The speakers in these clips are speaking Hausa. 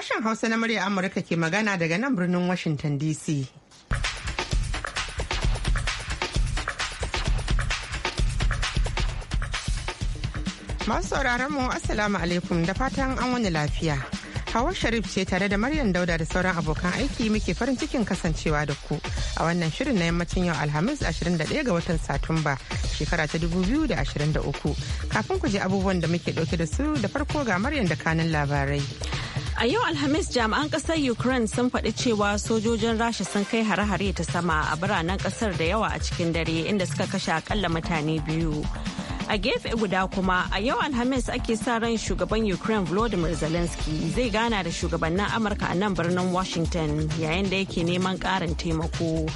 Sashen Hausa na murya Amurka ke magana daga nan birnin Washington DC. Masu sauraron mu Assalamu alaikum da fatan an wani lafiya. Hawa Sharif ce tare da Maryam Dauda da sauran abokan aiki muke farin cikin kasancewa da ku a wannan shirin na yammacin yau Alhamis 21 ga watan Satumba shekara ta 2023. Kafin ku je abubuwan da muke dauke da su da farko ga Maryam da kanin labarai. A yau Alhamis jami'an kasar Ukraine sun faɗi cewa sojojin Rasha sun kai hare-hare ta sama a biranen kasar da yawa a cikin dare inda suka kashe akalla mutane biyu. A gefe guda kuma a yau Alhamis ake sa ran shugaban Ukraine Volodymyr Zelensky zai gana da shugabannin Amurka a nan birnin Washington yayin da yake neman ƙarin taimako.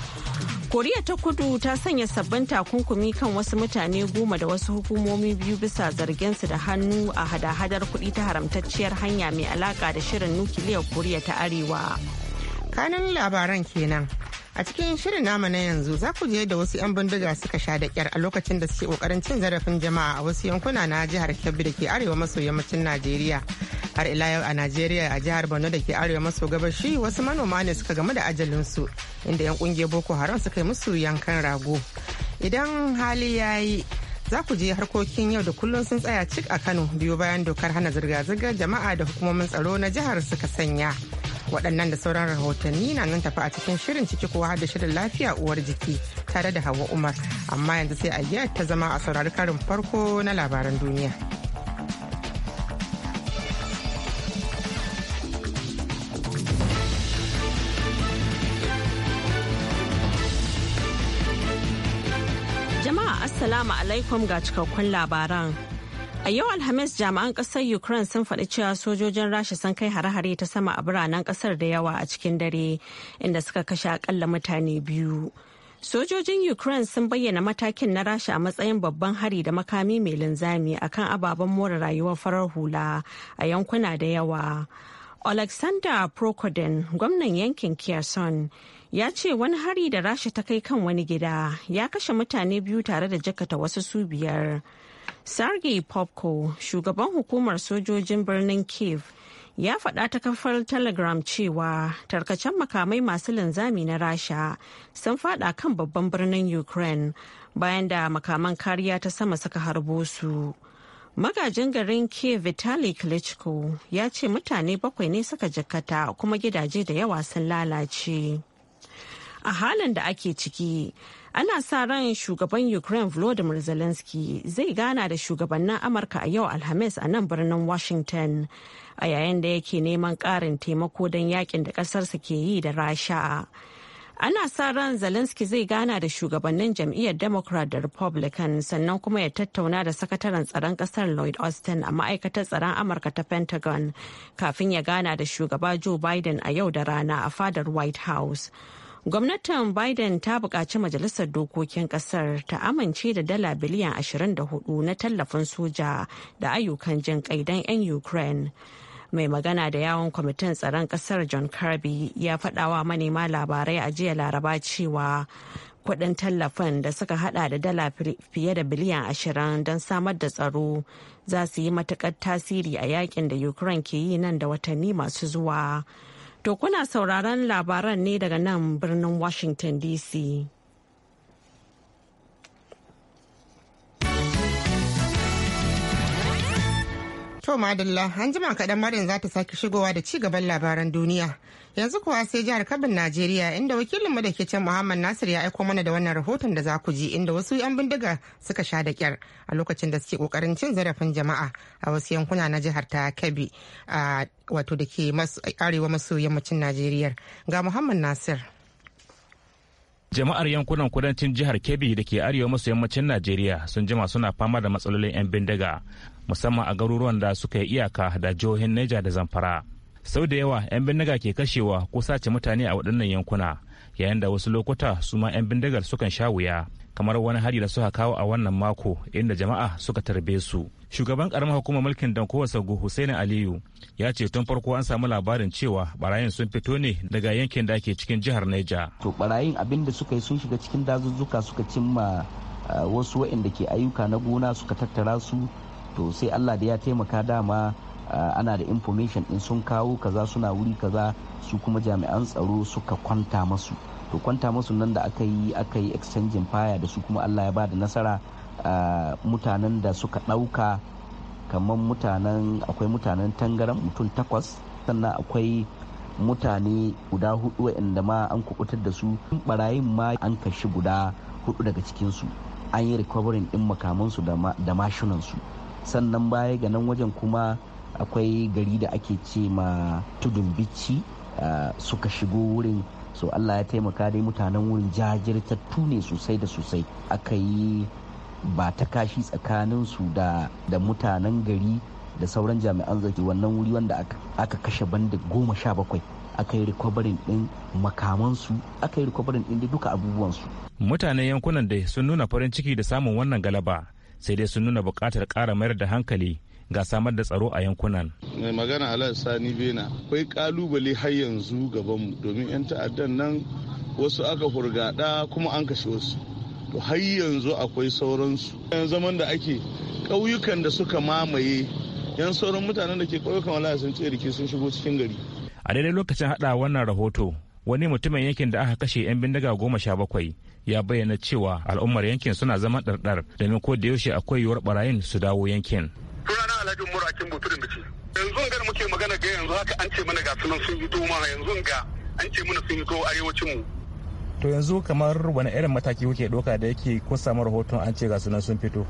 Koriya ta kudu ta sanya sabbin takunkumi kan wasu mutane goma da wasu hukumomi biyu bisa zarginsu da hannu a hada-hadar kudi ta haramtacciyar hanya mai alaka da shirin nukiliyar Koriya ta Arewa. Kanin labaran kenan. a cikin shirin nama na yanzu za ku je da wasu 'yan bindiga suka sha da kyar a lokacin da suke kokarin cin zarafin jama'a a wasu yankuna na jihar kebbi da ke arewa maso yammacin najeriya har ila yau a najeriya a jihar borno da ke arewa maso gabashi wasu manoma ne suka gamu da ajalinsu inda 'yan kungiyar boko haram suka yi musu yankan rago idan hali ya yi za ku je harkokin yau da kullum sun tsaya cik a kano biyu bayan dokar hana zirga-zirgar jama'a da hukumomin tsaro na jihar suka sanya waɗannan da sauran rahotanni na nan tafi a cikin shirin ciki ko har da shirin lafiya uwar jiki tare da hawa umar amma yanzu sai a yi ta zama a saurari karin farko na labaran duniya jama'a assalamu alaikum ga cikakkun labaran A yau Alhamis jami'an ƙasar Ukraine sun faɗi cewa sojojin Rasha sun kai hare-hare ta sama a biranen ƙasar da yawa a cikin dare inda suka kashe akalla mutane biyu. Sojojin Ukraine sun bayyana matakin na Rasha a matsayin babban hari da makami mai linzami akan ababen more rayuwar farar hula a yankuna da yawa. Alexander Prokodin, gwamnan yankin Kherson, ya ce wani hari da Rasha ta kai kan wani gida ya kashe mutane biyu tare da jakata wasu su biyar. Sergei Popko, shugaban hukumar sojojin birnin Kiev, ya faɗa ta kafar Telegram cewa tarkacen makamai masu linzami na Rasha sun faɗa kan babban birnin Ukraine bayan da makaman kariya ta sama suka harbo su. Magajin garin Kiev Vitali Klitschko ya ce mutane bakwai ne suka jikkata kuma gidaje da yawa sun lalace. A halin da ake ciki, ana sa ran shugaban ukraine volodymyr zelensky zai gana da shugabannin amurka a yau alhamis a nan birnin washington a yayin da yake neman karin taimako don yakin da kasarsa ke yi da rasha ana sa ran zelensky zai gana da shugabannin jam'iyyar democrat da republican sannan kuma ya tattauna da sakataren tsaron kasar lloyd austin a ma'aikatar tsaron amurka ta pentagon kafin ya gana da shugaba joe biden a yau da rana a fadar white house Gwamnatin Biden ta buƙaci Majalisar Dokokin Ƙasar ta amince da dala biliyan 24 na tallafin soja da ayyukan jin kai don 'yan Ukraine. mai magana da yawon kwamitin tsaron Ƙasar john kirby ya faɗawa manema labarai a jiya laraba cewa kuɗin tallafin da suka hada da dala fiye da biliyan ashirin don samar da tsaro za su yi matuƙar tasiri a yakin da ukraine ke yi nan da watanni masu zuwa To kuna sauraron labaran ne daga nan birnin Washington DC. To Madalla, an jima kaɗan Maryam za ta sake shigowa da ci gaban labaran duniya. Yanzu kuwa sai jihar Kabin Najeriya inda wakilinmu da ke can Muhammad Nasir ya aiko mana da wannan rahoton da za ku ji inda wasu 'yan bindiga suka sha da kyar a lokacin da suke kokarin cin zarafin jama'a a wasu yankuna na jihar ta Kebbi a wato da ke arewa maso yammacin Najeriya. Ga Muhammad Nasir. jama'ar yankunan kudancin jihar kebbi da ke arewa maso yammacin najeriya sun jima suna fama da matsalolin 'yan bindiga musamman a garuruwan da suka yi iyaka da jihohin Neja da Zamfara. Sau da yawa 'yan bindiga ke kashewa ko sace mutane a waɗannan yankuna yayin da wasu lokuta su ma 'yan bindigar sukan sha wuya kamar wani hari da suka kawo a wannan mako inda jama'a suka tarbe su. Shugaban karamar hukumar mulkin Dankowa Sagu Hussein Aliyu ya ce tun farko an samu labarin cewa barayin sun fito ne daga yankin da ke cikin jihar Neja. To barayin abin da suka yi sun shiga cikin dazuzzuka suka cimma ah, wasu waɗanda ke ayyuka na gona suka tattara su to sai allah da ya taimaka dama ana da information in sun kawo kaza suna wuri kaza su kuma jami'an tsaro suka kwanta masu to kwanta masu nan da aka yi aka yi exchanging fire da su kuma allah ya ba da nasara mutanen da suka ɗauka kamar mutanen akwai mutanen tangaran mutum takwas sannan akwai mutane guda hudu inda ma an kubutar da su barayin ma an kashi guda hudu daga cikinsu an yi recovering din makamansu da mashinansu sannan baya ga nan wajen kuma akwai gari da ake ce ma tudun bicci suka shigo wurin so allah ya taimaka dai mutanen wurin jajirtattu ne sosai da sosai aka yi ba ta kashi su da mutanen gari da sauran jami'an zaki wannan wuri wanda aka kashe bandit goma sha bakwai aka yi rikwabarin din makamansu aka yi rikwabarin din duka abubuwansu mutanen yankunan da sun nuna farin ciki da samun wannan galaba sai dai sun nuna buƙatar ƙara mayar da hankali ga samar da tsaro a yankunan. mai magana alhaji sani bena akwai kalubale har yanzu gabanmu domin 'yan ta'addan nan wasu aka hurgada kuma an kashe wasu to har yanzu akwai sauransu yan zaman da ake ƙauyukan da suka mamaye yan sauran mutanen da ke ƙauyukan wala sun tsirike sun shigo cikin gari a daidai lokacin hada wannan rahoto wani mutumin yankin da aka kashe 'yan bindiga goma sha bakwai ya bayyana cewa al'ummar yankin suna zama ɗarɗar da ko da yaushe akwai yiwuwar barayin su dawo yankin. Sunana Alhaji Umaru Akin Buturin Bici. Yanzu ga muke magana ga yanzu haka an ce mana ga sunan sun yi doma yanzu ga an ce mana sun yi arewacin mu. To yanzu kamar wani irin mataki kuke ɗauka da yake ko samu rahoton an ce ga sunan sun fito.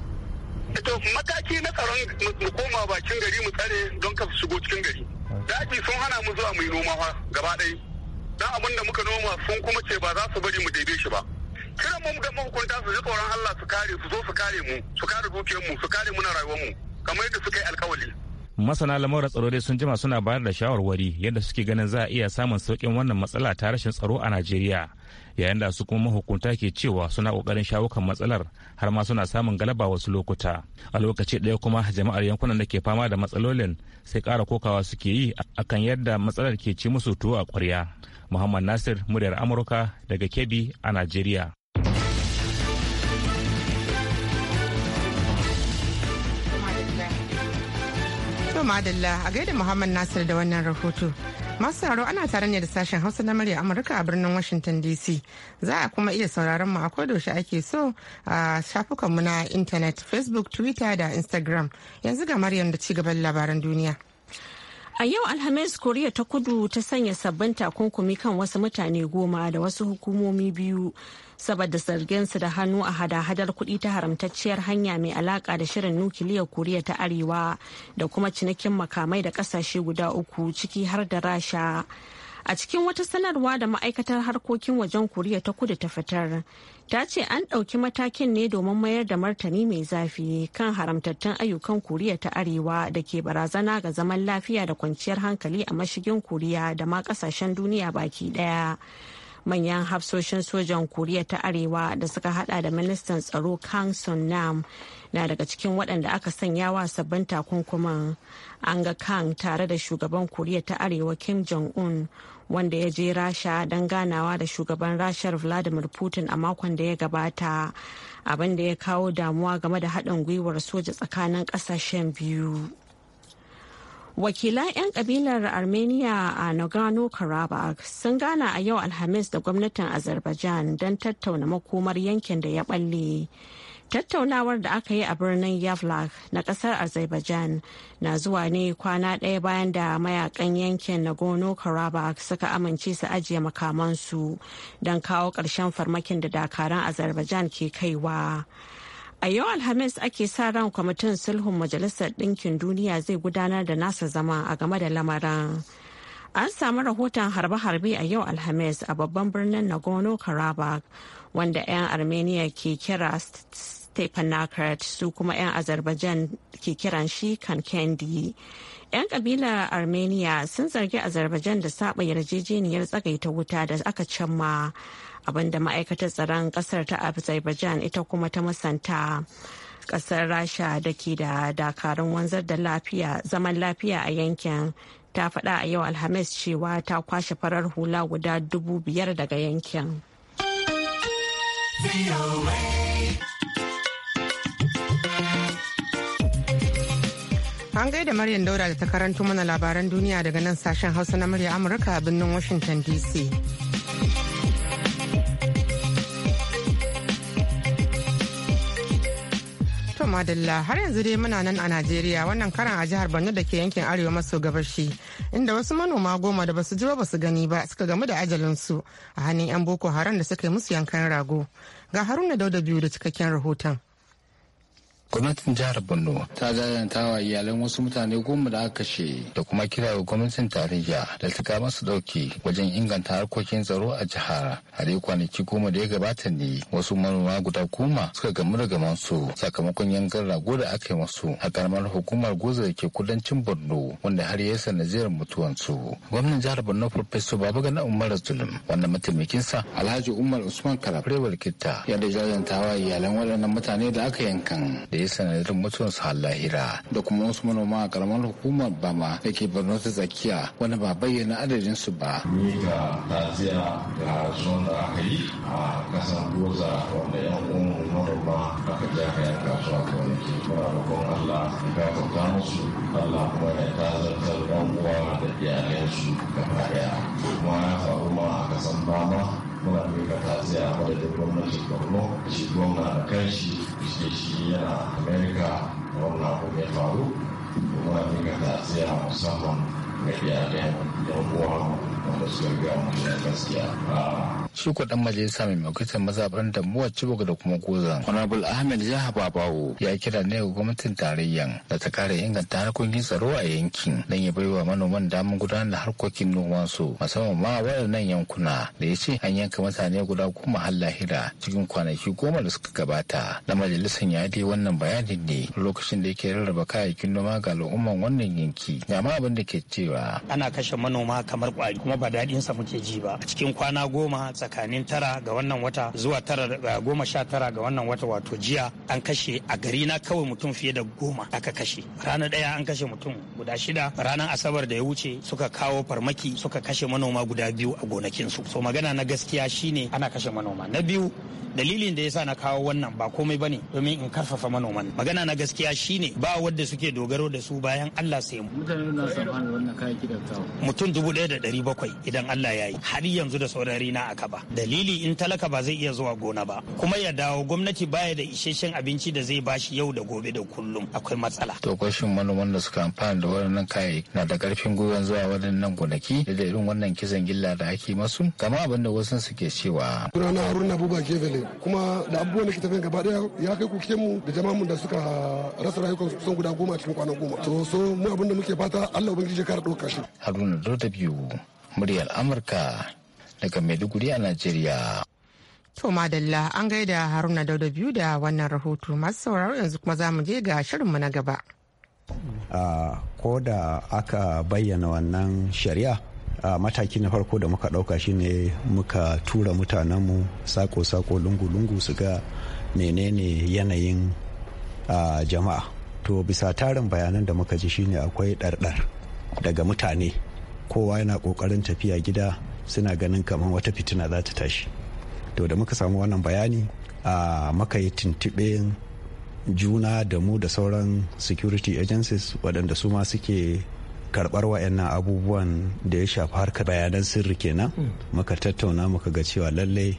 to mataki na tsaron mu koma bakin gari mu tsare don ka shigo cikin gari daji sun hana mu zuwa mu yi noma fa gaba ɗaya dan abin da muka noma sun kuma ce ba za su bari mu daidai shi ba kiran mu ga mahukunta su ji tsoron Allah su kare su zo su kare mu su kare dukiyar mu su kare muna rayuwar mu kamar yadda suka yi alkawali masana lamuran tsaro dai sun jima suna bayar da shawarwari yadda suke ganin za a iya samun sauƙin wannan matsala ta rashin tsaro a najeriya yayin da su kuma mahukunta ke cewa suna ƙoƙarin shawo kan matsalar har ma suna samun galaba wasu lokuta a lokaci ɗaya kuma jama'ar yankunan da ke fama da matsalolin sai ƙara kokawa suke yi akan yadda matsalar ke ci musu tuwo a ƙwarya muhammad nasir muryar amurka daga kebbi a najeriya madalla a gaida Muhammad Nasir da wannan rahoto. Masu sauraro ana tare ne da sashen Hausa na murya Amurka a birnin Washington DC. Za a kuma iya sauraron mu a kodaushe ake so a shafukanmu na intanet Facebook, Twitter da Instagram. Yanzu ga Maryam da cigaban labaran duniya. A yau Alhamis Koriya ta kudu ta sanya sabbin takunkumi kan wasu mutane goma da wasu hukumomi biyu saboda su da hannu a hada-hadar kuɗi ta haramtacciyar hanya mai alaƙa da shirin nukiliyar koriya ta arewa da kuma cinikin makamai da ƙasashe guda uku ciki har da rasha a cikin wata sanarwa da ma'aikatar harkokin wajen koriya ta kudu ta fitar ta ce an ɗauki matakin ne domin mayar da martani mai zafi kan haramtattun ayyukan koriya ta arewa da ke barazana ga zaman lafiya da kwanciyar hankali a mashigin koriya da ma ƙasashen duniya baki ɗaya manyan hafsoshin sojan koriya ta arewa da suka hada da ministan tsaro kang sun nam na daga cikin waɗanda aka sanya wa sabbin takunkuman an ga kang tare da shugaban koriya ta arewa kim jong-un wanda ya je rasha don ganawa da shugaban rashar vladimir putin a makon da ya gabata abinda ya kawo damuwa game da haɗin gwiwar soja tsakanin ƙasashen biyu wakilan 'yan kabilar armenia a nagorno-karabakh sun gana a yau alhamis da gwamnatin azerbaijan don tattauna makomar yankin da ya balle tattaunawar da aka yi a birnin yavlak na kasar azerbaijan na zuwa ne kwana ɗaya bayan da mayakan yankin nagorno-karabakh suka amince su ajiye makamansu don kawo ƙarshen farmakin da dakaran azerbaijan ke kaiwa. A yau Alhamis ake sa ran kwamitin sulhun Majalisar Ɗinkin Duniya zai gudanar da nasa zama a game da lamarin. An samu rahoton harbe-harbe a yau Alhamis a babban birnin Nagorno-Karabakh wanda 'yan Armenia ke kira Stepanakert su kuma 'yan Azerbaijan ke kiran shi Kankendi. 'Yan kabilar Armenia sun zargi Azerbaijan da saba yarjejeniyar tsagaita wuta da aka cimma. abinda ma'aikatar tsaron kasar ta azerbaijan ita kuma ta musanta kasar rasha da ke da dakarun wanzar da lafiya zaman lafiya a yankin ta faɗa a yau alhamis cewa ta kwashe farar hula guda dubu biyar daga yankin An gaida Maryam Dauda da ta karanto mana labaran duniya daga nan sashen Hausa na murya Amurka a birnin Washington DC. To Madalla har yanzu dai muna nan a Najeriya wannan karan a jihar Borno da ke yankin arewa maso gabashi inda wasu manoma goma da basu ji ba basu gani ba suka gamu da ajalinsu a hannun 'yan Boko Haram da suka yi musu yankan rago. Ga Haruna Dauda biyu da cikakken rahoton. gwamnatin jihar borno ta jajanta wa iyalan wasu mutane goma da aka kashe da kuma kira ga gwamnatin tarayya da ta kama su dauki wajen inganta harkokin tsaro a jihar har yi kwanaki goma da ya gabata ne wasu manoma guda goma suka gamu da su sakamakon yankan rago da aka yi masu a karamar hukumar goza da ke kudancin borno wanda har ya sanadiyar su gwamnan jihar borno farfesa babagana umar zulum wanda mataimakinsa alhaji umar usman karafrewar kitta ya da jajanta wa iyalan waɗannan mutane da aka yankan da ya sanadin mutuwarsu su lahira da kuma wasu manoma a karamar hukumar bama da ke borno ta tsakiya wani ba bayyana adadin su ba. Mika taziya da zuwan da aka yi a kasan goza wanda yan uwan manoma aka ja ka yan kasuwa ta wani ke muna roƙon Allah ga bauta musu Allah kuma ya tazartar ɗan uwa da iyalansu gaba ɗaya. Kuma ya faru ma a kasan bama muna miƙa taziya a madadin gwamnatin borno shi gwamna da kanshi shi shi yana amerika wannan abu ya faru muna miƙa taziya musamman ga iyayen yan uwa wanda suka gaya mu gaskiya ah. su ko dan majalisa mai makwacin mazaɓar da muwa cibok da kuma gozan honorable ahmed jaha babawo ya kira ne ga gwamnatin tarayyan da ta kara inganta harkokin tsaro a yankin don ya baiwa manoman damar gudanar da harkokin nomansu musamman ma waɗannan yankuna da ya ce an yanka mutane guda goma har lahira cikin kwanaki goma da suka gabata na majalisar ya dai wannan bayanin ne lokacin da yake rarraba kayayyakin noma ga al'umman wannan yanki ga ma abin da ke cewa ana kashe manoma kamar kwari kuma ba daɗinsa muke ji ba cikin kwana goma tsakanin tara ga wannan wata zuwa tara eh, goma sha tara ga wannan wata wato jiya an kashe a gari na kawai mutum fiye da goma aka kashe ranar ɗaya an kashe mutum guda shida ranar asabar da ya wuce suka kawo farmaki suka kashe manoma guda biyu a gonakinsu so magana na gaskiya shine ana kashe manoma na biyu dalilin da yasa na kawo wannan ba komai bane domin in karfafa manoman magana na gaskiya shine ba wanda suke dogaro da su bayan Allah sai mu mutane na samani wannan kayayyaki da tawo mutum 1700 idan Allah ya yi har yanzu da saurari na aka ba dalili in talaka ba zai iya zuwa gona ba kuma ya dawo gwamnati baya da isasshen abinci da zai bashi yau da gobe da kullum akwai matsala to kwashin manoman da suka amfana da wannan kayayyaki na da karfin gwiwa zuwa wadannan gonaki da irin wannan kisan gilla da ake masu kama abin da wasu suke cewa sunana haruna buba kuma da abubuwan da ke tafiya gaba daya ya kai kuke mu da jama'an da suka rasa rayukan su guda goma cikin kwana goma to so mu abin da muke fata Allah ubangiji ya kara doka shi Haruna Dauda biyu muryar Amurka daga Maiduguri a Najeriya To madalla an gaida Haruna Dauda biyu da wannan rahoto masu sauraro yanzu kuma zamu je ga shirinmu na gaba. Ah, ko da aka bayyana wannan shari'a a mataki na farko da muka ɗauka shine muka tura mutanenmu sako-sako lungu-lungu su ga menene yanayin jama'a to bisa tarin bayanan da muka ji shine akwai ɗarɗar daga mutane kowa yana ƙoƙarin tafiya gida suna ganin kamar wata fitina za ta tashi to da muka samu wannan bayani a maka yi tuntuɓe juna da mu da sauran security agencies waɗanda su ma suke karɓar wa'annan abubuwan da ya shafi harkar bayanan sirri kenan hmm. muka tattauna muka ga cewa lallai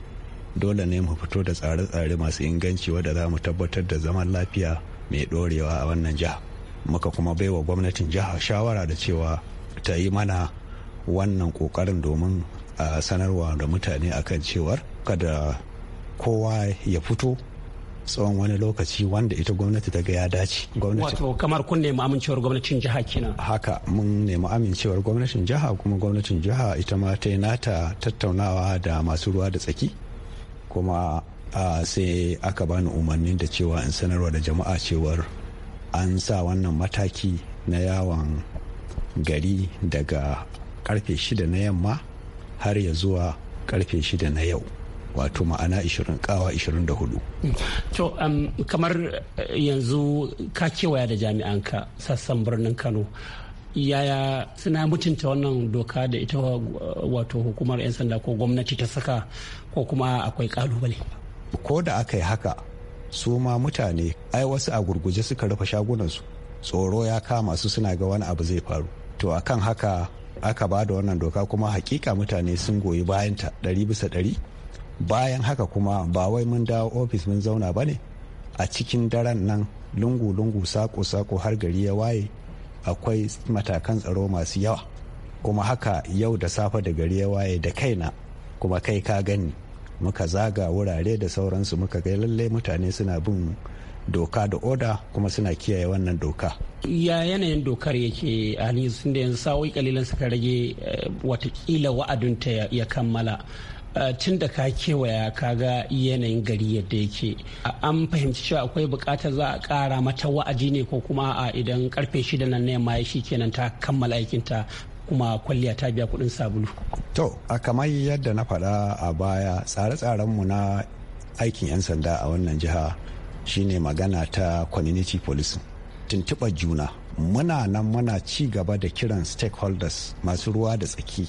dole ne mu fito da tsare-tsare masu inganci wadda za mu tabbatar da zaman lafiya mai dorewa a wannan jiha muka kuma baiwa gwamnatin jiha shawara da cewa ta yi mana wannan kokarin domin a sanarwa da mutane akan cewar kada kowa ya fito tsawon wani lokaci wanda ita gwamnati ta ga ya dace wato kamar kun nemi amincewar gwamnatin jiha kina. haka mun nemi amincewar gwamnatin jiha kuma gwamnatin jiha ita ma ta yi nata tattaunawa da masu ruwa da tsaki kuma sai aka bani umarni da cewa in sanarwa da jama'a cewar an sa wannan mataki na yawon gari daga karfe shida na yamma har ya zuwa karfe shida na yau wato ma'ana 20 kawa 24 to um, kamar eh, yanzu ka kewaya da jami'an ka sassan birnin kano yaya suna mutunta wannan doka da ita wato hukumar 'yan sanda ko gwamnati ta saka ko kuma akwai kalubale ko da aka yi haka su ma mutane ai wasu a gurguje suka rufe shagunansu tsoro ya kama su suna ga wani abu zai faru to akan haka aka ba da wannan doka kuma hakika mutane sun goyi bayanta ɗari bisa ɗari bayan haka kuma ba wai mun dawo ofis mun zauna ba ne a cikin daren nan lungu-lungu sako-sako har gari ya waye akwai matakan tsaro masu yawa kuma haka yau da safe da gari ya waye da kaina kuma kai ka gani muka zaga wurare da sauransu muka ga lallai mutane suna bin doka da oda kuma suna kiyaye wannan doka ya yanayin dokar yake a da yanzu sa'o'i kalilan suka rage eh, watakila wa'adinta ya kammala Eh, tun da ka kewaya ka ga yanayin gari yadda yake an fahimci cewa akwai bukatar za a kara mata wa'aji ne ko kuma a idan karfe shida nan ne shi kenan ta kammala aikinta kuma kwalliya ta biya kudin sabulu to a kamar yadda na faɗa a baya tsare-tsarenmu na aikin 'yan sanda a wannan jiha shine magana ta community policing tuntuɓar juna muna nan muna ci gaba da kiran stakeholders masu ruwa da tsaki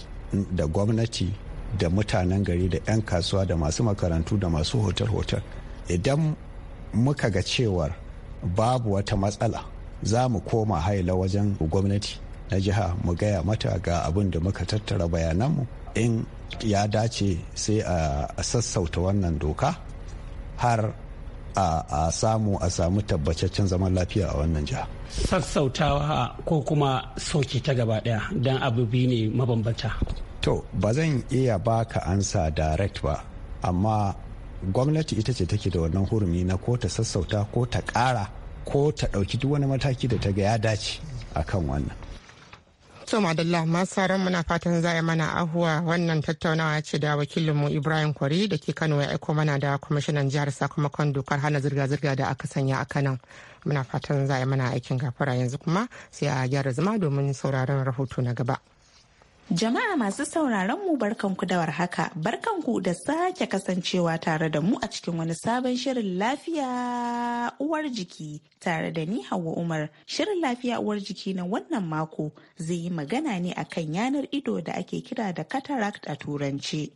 da gwamnati da mutanen gari da 'yan kasuwa da masu makarantu da masu hotel-hotel idan muka ga cewar babu wata matsala za mu koma haila wajen gwamnati na jiha mu gaya mata ga abin da muka tattara bayananmu in ya dace sai a sassauta wannan doka har a samu a samu tabbataccen zaman lafiya a wannan jiha sassautawa ko kuma soke ta gaba daya don abu ne mabambanta to ba zan iya baka ansa direct ba amma gwamnati ita ce take da wannan hurumi na ko ta sassauta ko ta kara ko ta dauki duk wani mataki da ta ga ya dace akan wannan To Madalla masu muna fatan zaya mana ahuwa wannan tattaunawa ce da wakilinmu Ibrahim Kwari da ke Kano ya aiko mana da kwamishinan jihar sakamakon dokar hana zirga-zirga da aka sanya a kanan. Muna fatan zaya mana aikin gafara yanzu kuma sai a gyara zama domin sauraron rahoto na gaba. Jama'a masu sauraron mu barkanku da warhaka, barkanku da sake kasancewa tare da mu a cikin wani sabon shirin lafiya uwar jiki tare da ni Hauwa Umar. Shirin lafiya uwar jiki na wannan mako zai yi magana ne akan yanar ido da ake kira da cataract a turanci.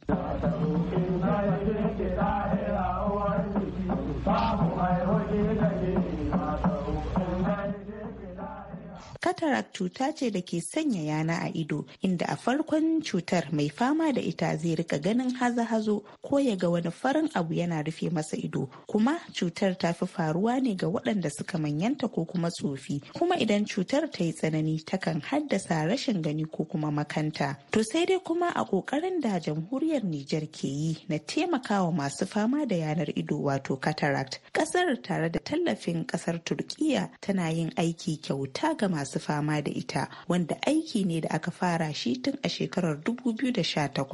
Cataract cuta ce da ke sanya yana a ido inda a farkon cutar mai fama da ita zai rika ganin hazo-hazo ko ya ga wani farin abu yana rufe masa ido kuma cutar ta fi faruwa ne ga waɗanda suka manyanta ko kuma tsofi kuma idan cutar ta yi tsanani takan haddasa rashin gani ko kuma makanta. To sai dai kuma a ƙoƙarin da jamhuriyar Nijar ke yi na taimakawa masu fama da yanar ido wato cataract. Ƙasar tare da tallafin ƙasar Turkiya tana yin aiki kyauta ga masu masu fama da ita wanda aiki ne da aka fara shi tun a shekarar 2018.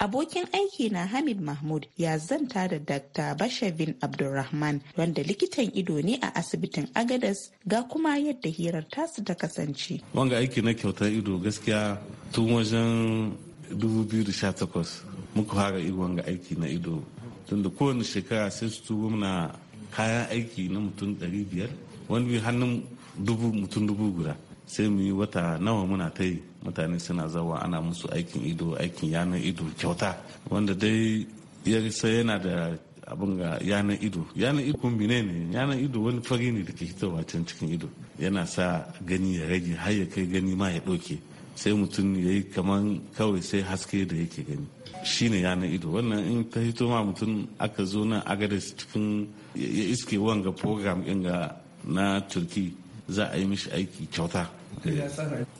Abokin aiki na Hamid Mahmud ya zanta da Dr. Bashavin Abdulrahman wanda likitan ido ne a asibitin Agadas ga kuma yadda hirar tasu ta kasance. Wanga aiki na kyautar ido gaskiya tun wajen 2018 muka fara wanga aiki na ido tunda kowane shekara sai su tuwo mana kayan aiki na mutum 500 wani hannun dubu mutum dubu guda sai mu yi wata nawa muna ta yi mutane suna zawa ana musu aikin ido aikin yanar ido kyauta wanda dai ya sai yana da abin ga yanar ido yanar ido kumbine ne yanar ido wani fari ne da ke hitowa can cikin ido yana sa gani ya rage har ya kai gani ma ya ɗauke sai mutum ya yi kamar kawai sai haske da yake gani shine yanar ido wannan in ta hito ma mutum aka zo nan agadis cikin ya iske wanga program ɗin ga na turki za a yi mishi aiki kyauta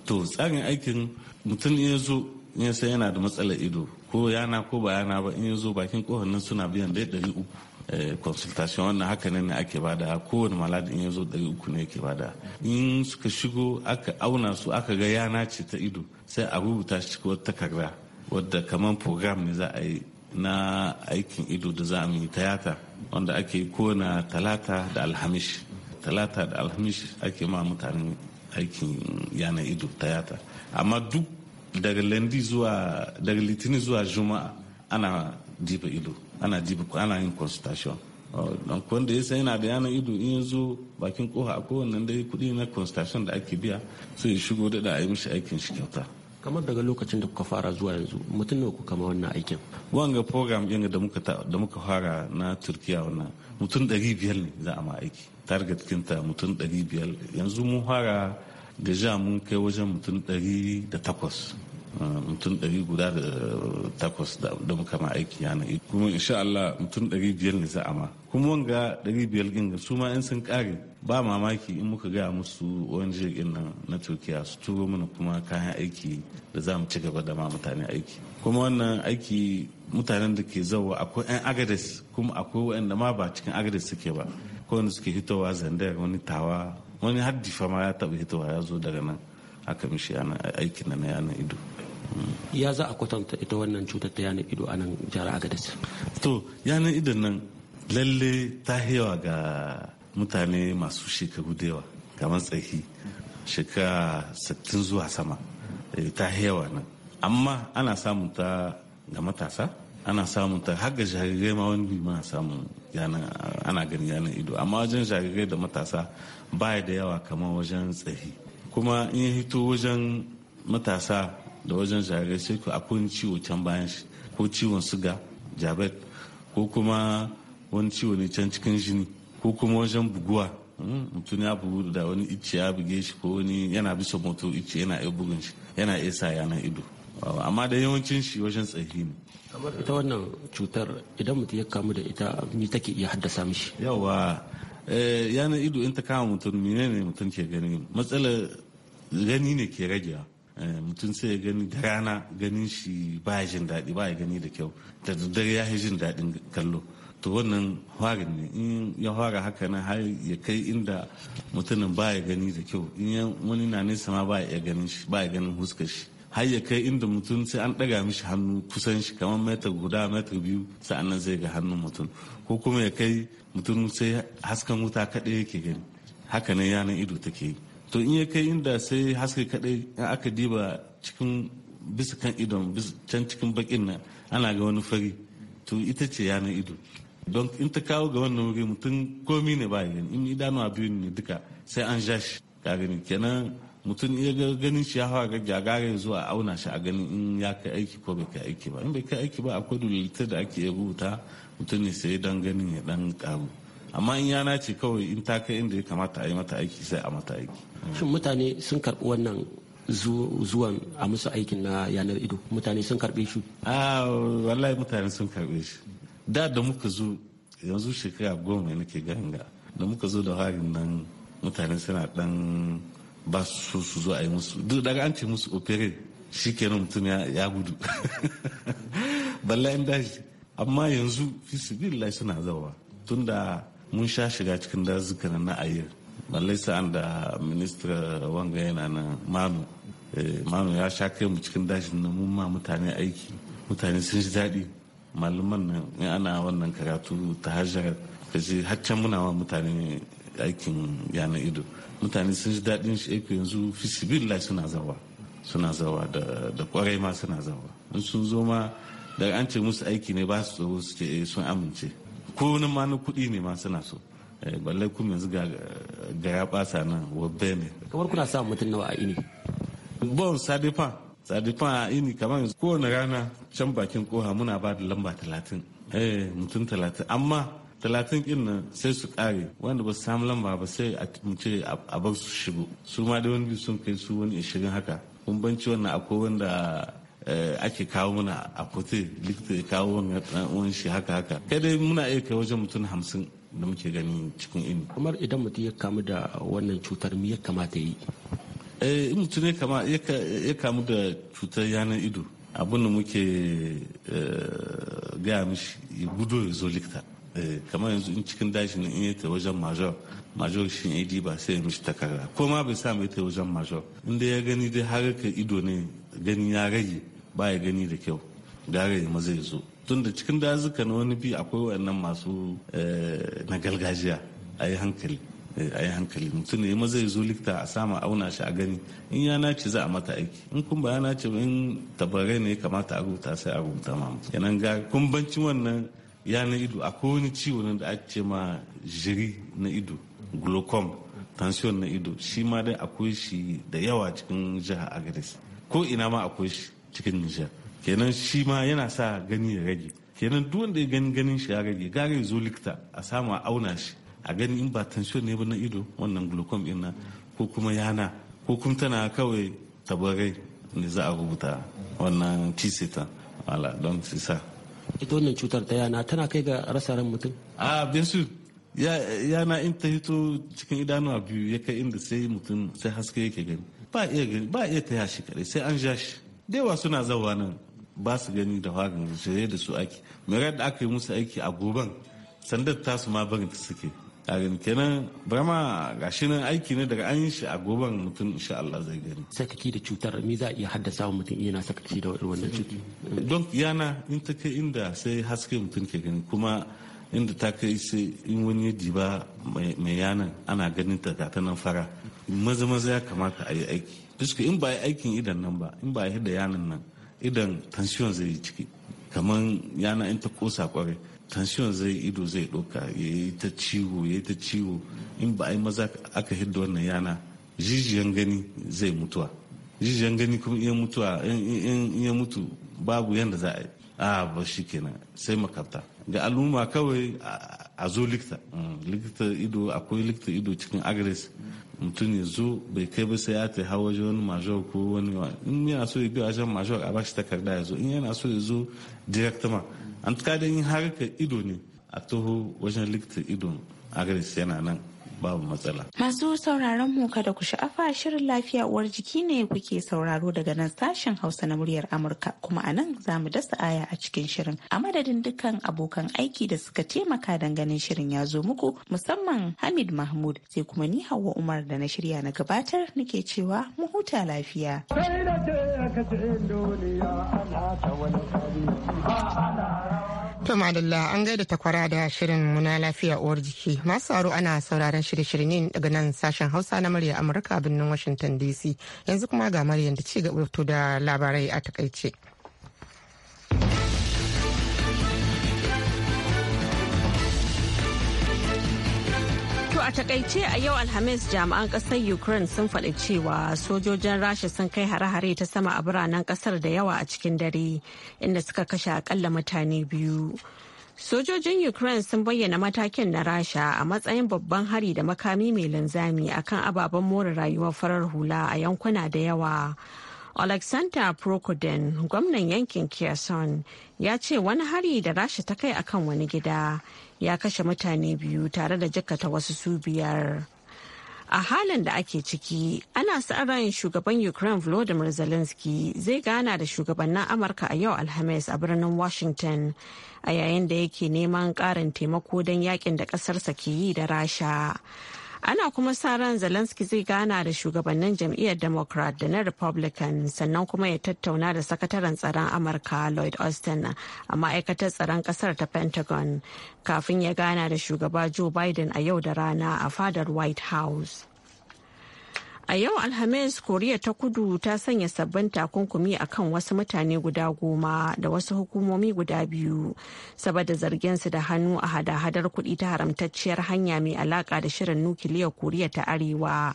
to tsarin aikin mutum ya zo ya san yana da matsalar ido ko yana ko ba yana ba in ya zo bakin kohon suna biyan dai ɗari uku eh, consultation wannan haka ne ake bada kowane maladi in ya zo ɗari uku ne yake bada in suka shigo aka auna su aka ga yana ce ta ido sai a rubuta shi cikin wata takarda wadda kamar program ne za a yi na aikin ido da za a yi yata wanda ake kona talata da alhamis talata da alhamis ake ma mutanen aikin yana ido tayata amma duk daga lendi zuwa daga litinin zuwa juma'a ana jiba ido ana jiba ana yin consultation oh, don wanda ya san yana da yanar ido in ya zo bakin koha a kowannan dai kudi na consultation da ake biya sai ya shigo da a yi mishi aikin shi kyauta kamar daga lokacin da kuka fara zuwa yanzu mutum ne ku kama wannan aikin wanga program ɗin da muka fara na turkiya wannan mutum 500 biyar ne za a ma aiki target kinta mutum 500 yanzu mun fara da ja mun kai wajen mutum 800 ah, mutum 800 da muka ma aiki yana kuma insha Allah mutum 500 ne za a ma kuma wanga 500 din su ma in sun kare ba mamaki in muka gaya musu wani jirgin nan na turkiya su turo mana kuma kayan aiki da za mu ci gaba da ma mutane aiki kuma wannan aiki mutanen da ke zauwa akwai 'yan agades kuma akwai waɗanda ma ba cikin agades suke ba ko suke hitowa zandar wani tawa wani haddi fama ya taba hitowa ya zo daga nan aka mishi aikin na yanar ido ya za a kwatanta ita wannan cutar ta yanar ido a nan jihar agadez to yanar ido nan lalle ta hewa ga mutane masu shekaru da yawa kamar tsaki shekara 60 zuwa sama eh, ta hewa nan amma ana samun ta ga matasa ana samun ta har ga jarirai ma wani bi ma samun ana gani yanan ido amma wajen jarirai da matasa baya da yawa kamar wajen tsahi kuma in ya hito wajen matasa da wajen jarirai sai ku akwai ciwo can bayan shi ko ciwon suga jabet ko kuma wani ciwo ne can cikin jini ko kuma wajen buguwa hmm, mutum ya bugu da wani icce ya buge shi ko wani yana bisa moto icce yana iya bugun shi yana iya sa yanan ido amma da yawancin shi wajen tsaye ne ita wannan cutar idan mutum ya kamu da ita ni take iya haddasa mishi yawa eh, yana ido in ta kama mutum ne mutum ke gani matsala gani ne ke ragewa eh, mutum sai ya gani da rana ganin shi ba ya jin daɗi ba ya gani da kyau da daddare ya yi jin daɗin kallo to wannan harin ne in ya fara haka na har ya kai inda mutumin ba ya gani da kyau in wani na nesa ma ba ya ganin shi ba ya ganin huskar shi har ya kai inda mutum sai an ɗaga mishi hannu kusan shi kamar metar guda metar biyu sa'annan zai ga hannun mutum ko kuma ya kai mutum sai hasken wuta kaɗai yake gani haka ne yanar ido take yi to in ya kai inda sai haske kaɗai in aka diba cikin bisa kan idon can cikin bakin nan ana ga wani fari to ita ce yanar ido don in ta kawo ga wannan wuri mutum komi ne ba gani in idanuwa biyu ne duka sai an ja shi ka kenan mutum iya ganin shi ya hawa ga gagara ya zuwa auna shi a ganin in ya kai aiki ko bai kai aiki ba in bai kai aiki ba akwai dulita da ake rubuta mutum ne sai dan ganin ya dan karu amma in yana ce kawai in ta kai inda ya kamata a yi mata aiki sai a mata aiki shin mutane sun karɓi wannan zuwan a musu aikin na yanar ido mutane sun karɓe shi a wallahi mutane sun karɓe shi da da muka zo yanzu shekara goma nake ganga da muka zo da harin nan mutane suna dan ba su so su zo a yi musu duk daga an ce musu opere shi kenan mutum ya gudu balla in daji amma yanzu fisibillah suna zawa da mun sha shiga cikin dazuka na ayyar ballai sa'an da ministar wanga yana na manu eh, manu ya sha kai mu cikin daji na mun ma mutane aiki mutane sun ji daɗi malaman nan in ana wannan karatu ta hajjar da shi haccan muna wa mutane aikin yanar ido mutane sun ji daɗin shi eko eh, yanzu lai suna zawa suna zawa da kwarai ma suna zawa in sun zo ma daga an ce musu aiki ne ba su tsoro su ce eh, sun amince ko wani ma na kuɗi ne ma suna so eh, balle kuma yanzu ga ya ɓasa nan wabbe ne kamar kuna samun mutum nawa a ini bon sadifan sadifan a ini kamar yanzu kowane rana can bakin koha muna ba da lamba talatin eh mutum talatin amma talatin ɗin nan sai su ƙare wanda ba su samu lamba ba sai a ce a bar su shigo su ma da wani sun kai su wani ishirin haka kun banci wannan akwai wanda eh, ake kawo mana a kote likita ya kawo wani shi haka haka kai dai muna iya kai wajen mutum hamsin da muke gani cikin ini kamar idan mutum ya kamu da wannan cutar me ya kamata yi eh mutum ya kamu da cutar yanar ido abin da muke eh, gaya mishi ya gudu ya zo likita Eh, kamar yanzu in cikin dashi ne in yi ta wajen major major shi ne diba sai ya mishi takarda ko ma bai sa mai ta wajen major inda ya gani dai har ka ido ne gani ya rage ba ya gani da kyau gara ya maza ya zo tun da cikin dazuka na wani bi akwai wayannan masu eh, na gargajiya a yi hankali eh, a yi hankali mutum ne maza ya zo likita a sama auna shi a gani in ya nace za a mata aiki in kun ba ya nace in tabarai ne ya kamata a rubuta sai a rubuta ma mutum yanan ga kumbancin wannan ya na ido akwai wani ciwo da ake ma jiri na ido glaucom tension na ido shi ma dai akwai shi da yawa cikin jihar agares ko ina ma akwai shi cikin nijar kenan shi ma yana sa gani ya rage kenan duk wanda ya gani ganin shi ya rage gare zo likita a samu a auna shi a gani in ba tension ne ba na ido wannan glaucom na ko kuma yana ko kuma tana kawai tabarai ne za a rubuta wannan cisita wala don sisa ita wannan cutar ta yana tana kai ga rasa ran mutum a binsu yana in ta hito cikin idanuwa biyu ya kai inda sai mutum sai haske yake gani ba iya gani ba iya taya shi kare sai an jashi. da dewa suna zawa nan ba su gani da hagan shaye da su aiki mai da aka yi musu aiki a goban sandar tasu ma barin ta suke kagin kenan brama gashi nan aiki ne daga an yi shi a goban mutum insha Allah zai gani Sakaki da cutar me za a iya haddasa wa mutum yana sakaki da wannan cutar don yana in ta kai inda sai haske mutum ke gani kuma inda ta kai sai in wani ya diba mai yanan ana ganin ta ta nan fara maza maza ya kamata a yi aiki fuska in ba yi aikin idan nan ba in ba yi da yanan nan idan tansiyon zai yi ciki kamar yana in ta kosa kwarai tension zai ido zai ɗauka ya yi ta ciwo ya yi ta ciwo in ba a yi maza aka hidda wannan yana jijiyan gani zai mutuwa jijiyan gani kuma iya mutuwa in ya mutu babu yadda za a yi a ba shi kenan sai makabta ga al'umma kawai a zo likita mm, likita ido akwai likita ido cikin agres mutum ya zo bai kai ba sai ya ta hawa waje wani major ko wani in yana so ya bi wajen major a bashi takarda ya zo in yana so ya zo directement an tuka da yin harkar ido ne a taho wajen likita ido agres yana nan babu matsala. Masu sauraron mu kada ku sha'afa shirin lafiya uwar jiki ne kuke sauraro daga nan sashen Hausa na muryar Amurka kuma a nan za mu dasa aya a cikin shirin. A madadin dukkan abokan aiki da suka taimaka don ganin shirin ya zo muku musamman Hamid Mahmud sai kuma ni Hauwa Umar da na shirya na gabatar nake cewa mu huta lafiya. To madalla an gaida takwara da shirin muna lafiya uwar jiki. Masu aro ana sauraron shirye-shirye ne daga nan sashen Hausa na murya Amurka a birnin Washington DC. Yanzu kuma ga Maryam da ci gaba da labarai a takaice. a takaice a yau Alhamis jami'an kasar Ukraine sun faɗi cewa sojojin Rasha sun kai hare-hare ta sama a biranen kasar da yawa a cikin dare inda suka kashe akalla mutane biyu. Sojojin Ukraine sun bayyana matakin na Rasha a matsayin babban hari da makami mai linzami akan ababen more rayuwar farar hula a yankuna da yawa. Alexander Prokudin, gwamnan yankin Kherson, ya ce wani hari da Rasha ta kai akan wani gida. ya kashe mutane biyu tare da jikkata wasu su biyar. a halin da ake ciki ana sa ran shugaban ukraine volodymyr zelensky zai gana da shugabannin amurka a yau alhamis a birnin washington a yayin da yake neman karin taimako don yakin da kasarsa ke yi da rasha ana kuma sa ran zelensky zai gana da shugabannin jam'iyyar democrat da na republican sannan kuma ya tattauna da sakataren tsaron amurka lloyd austin a ma'aikatar tsaron kasar ta pentagon kafin ya gana da shugaba joe biden a yau da rana a fadar white house A yau Alhamis, Koriya ta kudu ta sanya sabbin takunkumi a kan wasu mutane guda goma da wasu hukumomi guda biyu, saboda zargensu da hannu a hada-hadar kuɗi ta haramtacciyar hanya mai alaƙa da shirin nukiliyar Koriya ta Arewa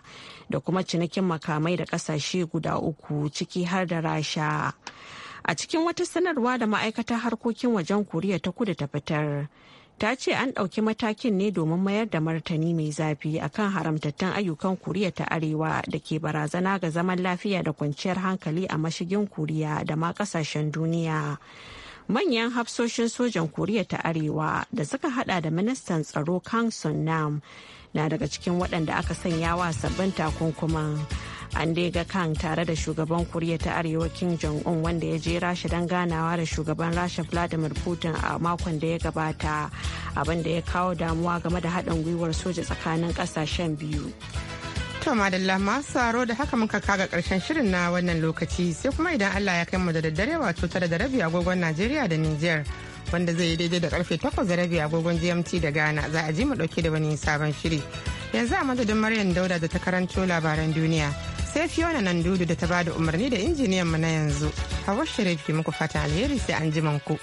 da kuma cinikin makamai da ƙasashe guda uku ciki har da Rasha. A cikin wata sanarwa da ma'aikatar harkokin wajen Koriya ta kudu ta fitar. ta ce an ɗauki matakin ne domin mayar da martani mai zafi a kan haramtattun ayyukan koriya ta arewa da ke barazana ga zaman lafiya da kwanciyar hankali a mashigin koriya da ma ƙasashen duniya manyan hafsoshin sojan koriya ta arewa da suka hada da ministan tsaro kang sun nam na daga cikin waɗanda aka sanya wa sabbin takunkuman. an dai ga kan tare da shugaban kuriya ta arewa kim jong-un wanda ya je rasha don ganawa da shugaban rasha vladimir putin a makon da ya gabata abin da ya kawo damuwa game da haɗin gwiwar soja tsakanin ƙasashen biyu To madalla masu saro da haka muka kaga karshen shirin na wannan lokaci sai kuma idan Allah ya kai mu da daddare wato tara da rabi agogon Najeriya da niger wanda zai yi daidai da karfe takwas da rabi agogon GMT da Ghana za a ji mu dauke da wani sabon shiri. Yanzu a madadin Maryam Dauda da ta karanto labaran duniya. sai fiona nan dudu da ta bada umarni da injiniyan mu na yanzu hawa sharifi muku fata alheri sai an ku.